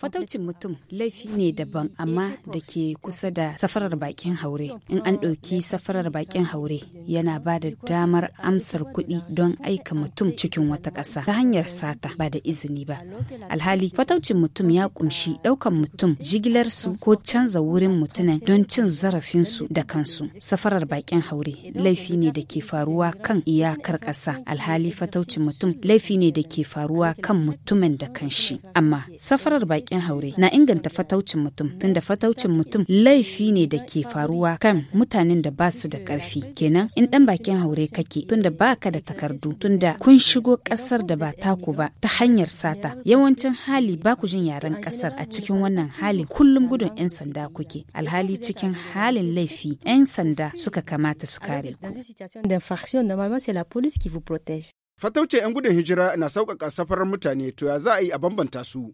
Fataucin mutum laifi ne daban amma da ke kusa da safarar bakin haure. In an ɗauki safarar bakin haure yana ba da damar amsar kuɗi don aika mutum cikin wata ƙasa ta hanyar sata ba da izini ba. Alhali fataucin mutum ya ƙumshi ɗaukan mutum jigilar su ko canza wurin mutumin don cin zarafinsu da kansu. Safarar bakin haure laifi ne da ke faruwa kan iyakar ƙasa. Alhali fataucin mutum laifi ne da ke faruwa kan mutum. mutumin da kanshi amma safarar bakin haure na inganta fataucin mutum tunda fataucin mutum laifi ne da ke faruwa kan mutanen da ba su da karfi kenan in dan bakin haure kake tunda baka da takardu tunda kun shigo kasar da ba taku ba ta hanyar sata yawancin hali ba ku jin yaren kasar a cikin wannan hali kullum gudun 'yan sanda kuke alhali cikin halin laifi 'yan sanda suka kamata su kare ku. Fatauce 'yan gudun hijira na sauƙaƙa safarar mutane to ya za a yi a bambanta su.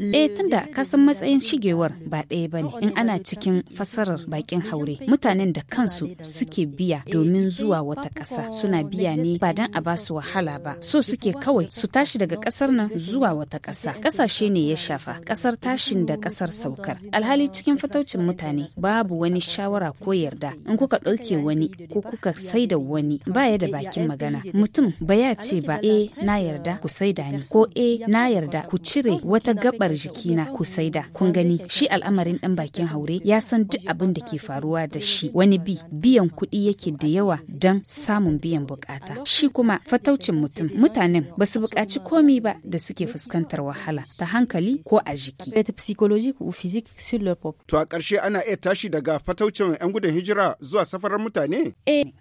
Eh tunda ka san matsayin shigewar ba ɗaya bane. in ana cikin fasarar bakin haure mutanen da kansu suke biya domin zuwa wata ƙasa suna biya ne ba dan a basu wahala ba so suke kawai su tashi daga ƙasar nan zuwa wata ƙasa ƙasashe ne ya shafa ƙasar tashin da ƙasar saukar alhali cikin fataucin mutane babu wani shawara ko yarda in kuka ɗauke wani ko kuka saida wani baya da bakin magana mutum ba ya ce ba e na yarda ku saida ni ko e na yarda ku cire wata gabar jikina ku saida kun gani shi al'amarin dan bakin haure ya san duk abin da ke faruwa da shi wani bi biyan kuɗi yake da yawa don samun biyan bukata shi kuma fataucin mutum mutanen ba su buƙaci komi ba da suke fuskantar wahala ta hankali ko a jiki to a ƙarshe ana iya tashi daga fataucin 'yan gudun hijira zuwa safarar mutane eh